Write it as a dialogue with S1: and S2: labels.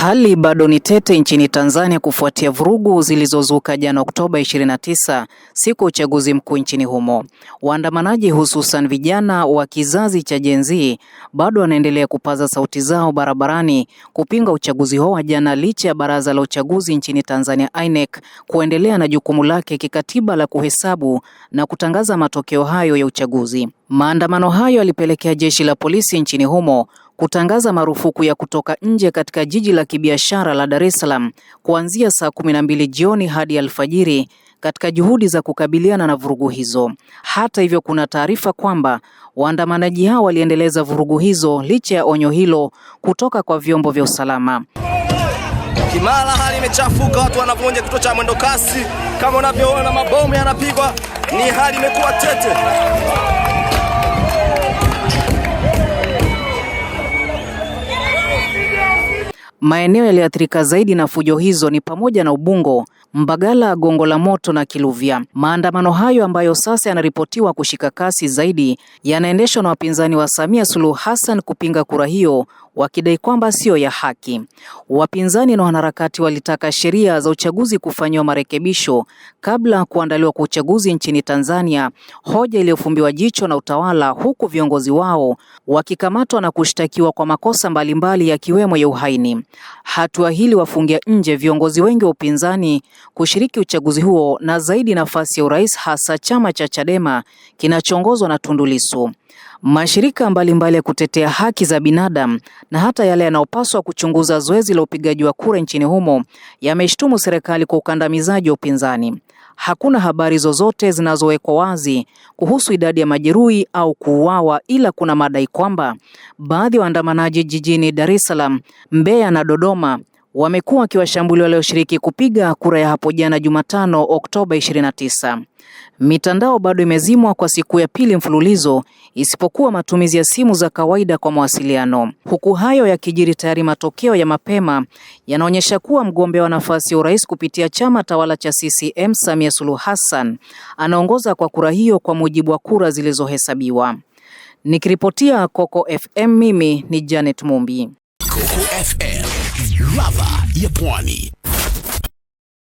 S1: Hali bado ni tete nchini Tanzania kufuatia vurugu zilizozuka jana Oktoba 29, siku ya uchaguzi mkuu nchini humo. Waandamanaji hususan vijana wa kizazi cha Gen Z bado wanaendelea kupaza sauti zao barabarani kupinga uchaguzi huo wa jana, licha ya baraza la uchaguzi nchini Tanzania INEC kuendelea na jukumu lake kikatiba la kuhesabu na kutangaza matokeo hayo ya uchaguzi. Maandamano hayo yalipelekea jeshi la polisi nchini humo kutangaza marufuku ya kutoka nje katika jiji la kibiashara la Dar es Salaam kuanzia saa kumi na mbili jioni hadi alfajiri katika juhudi za kukabiliana na vurugu hizo. Hata hivyo, kuna taarifa kwamba waandamanaji hao waliendeleza vurugu hizo licha ya onyo hilo kutoka kwa vyombo vya usalama. Kimara hali imechafuka, watu wanavunja kituo cha mwendokasi kama unavyoona, mabomu yanapigwa, ni hali imekuwa tete. Maeneo yaliyoathirika zaidi na fujo hizo ni pamoja na Ubungo, Mbagala, Gongo la Moto na Kiluvya. Maandamano hayo ambayo sasa yanaripotiwa kushika kasi zaidi yanaendeshwa na wapinzani wa Samia Suluhu Hassan kupinga kura hiyo wakidai kwamba siyo ya haki. Wapinzani na wanaharakati walitaka sheria za uchaguzi kufanyiwa marekebisho kabla kuandaliwa kwa uchaguzi nchini Tanzania, hoja iliyofumbiwa jicho na utawala, huku viongozi wao wakikamatwa na kushtakiwa kwa makosa mbalimbali yakiwemo ya uhaini. Hatua hili wafungia nje viongozi wengi wa upinzani kushiriki uchaguzi huo na zaidi nafasi ya urais, hasa chama cha Chadema kinachoongozwa na Tundu Lissu. Mashirika mbalimbali mbali ya kutetea haki za binadamu na hata yale yanayopaswa kuchunguza zoezi la upigaji wa kura nchini humo yameshtumu serikali kwa ukandamizaji wa upinzani. Hakuna habari zozote zinazowekwa wazi kuhusu idadi ya majeruhi au kuuawa, ila kuna madai kwamba baadhi ya wa waandamanaji jijini Dar es Salaam, Mbeya na Dodoma wamekuwa wakiwashambulia walioshiriki kupiga kura ya hapo jana Jumatano Oktoba 29. Mitandao bado imezimwa kwa siku ya pili mfululizo isipokuwa matumizi ya simu za kawaida kwa mawasiliano. Huku hayo yakijiri, tayari matokeo ya mapema yanaonyesha kuwa mgombea wa nafasi ya urais kupitia chama tawala cha CCM Samia Suluhu Hassan anaongoza kwa kura hiyo kwa mujibu wa kura zilizohesabiwa. Nikiripotia Coco FM mimi ni Janet Mumbi. Coco FM, ladha ya pwani.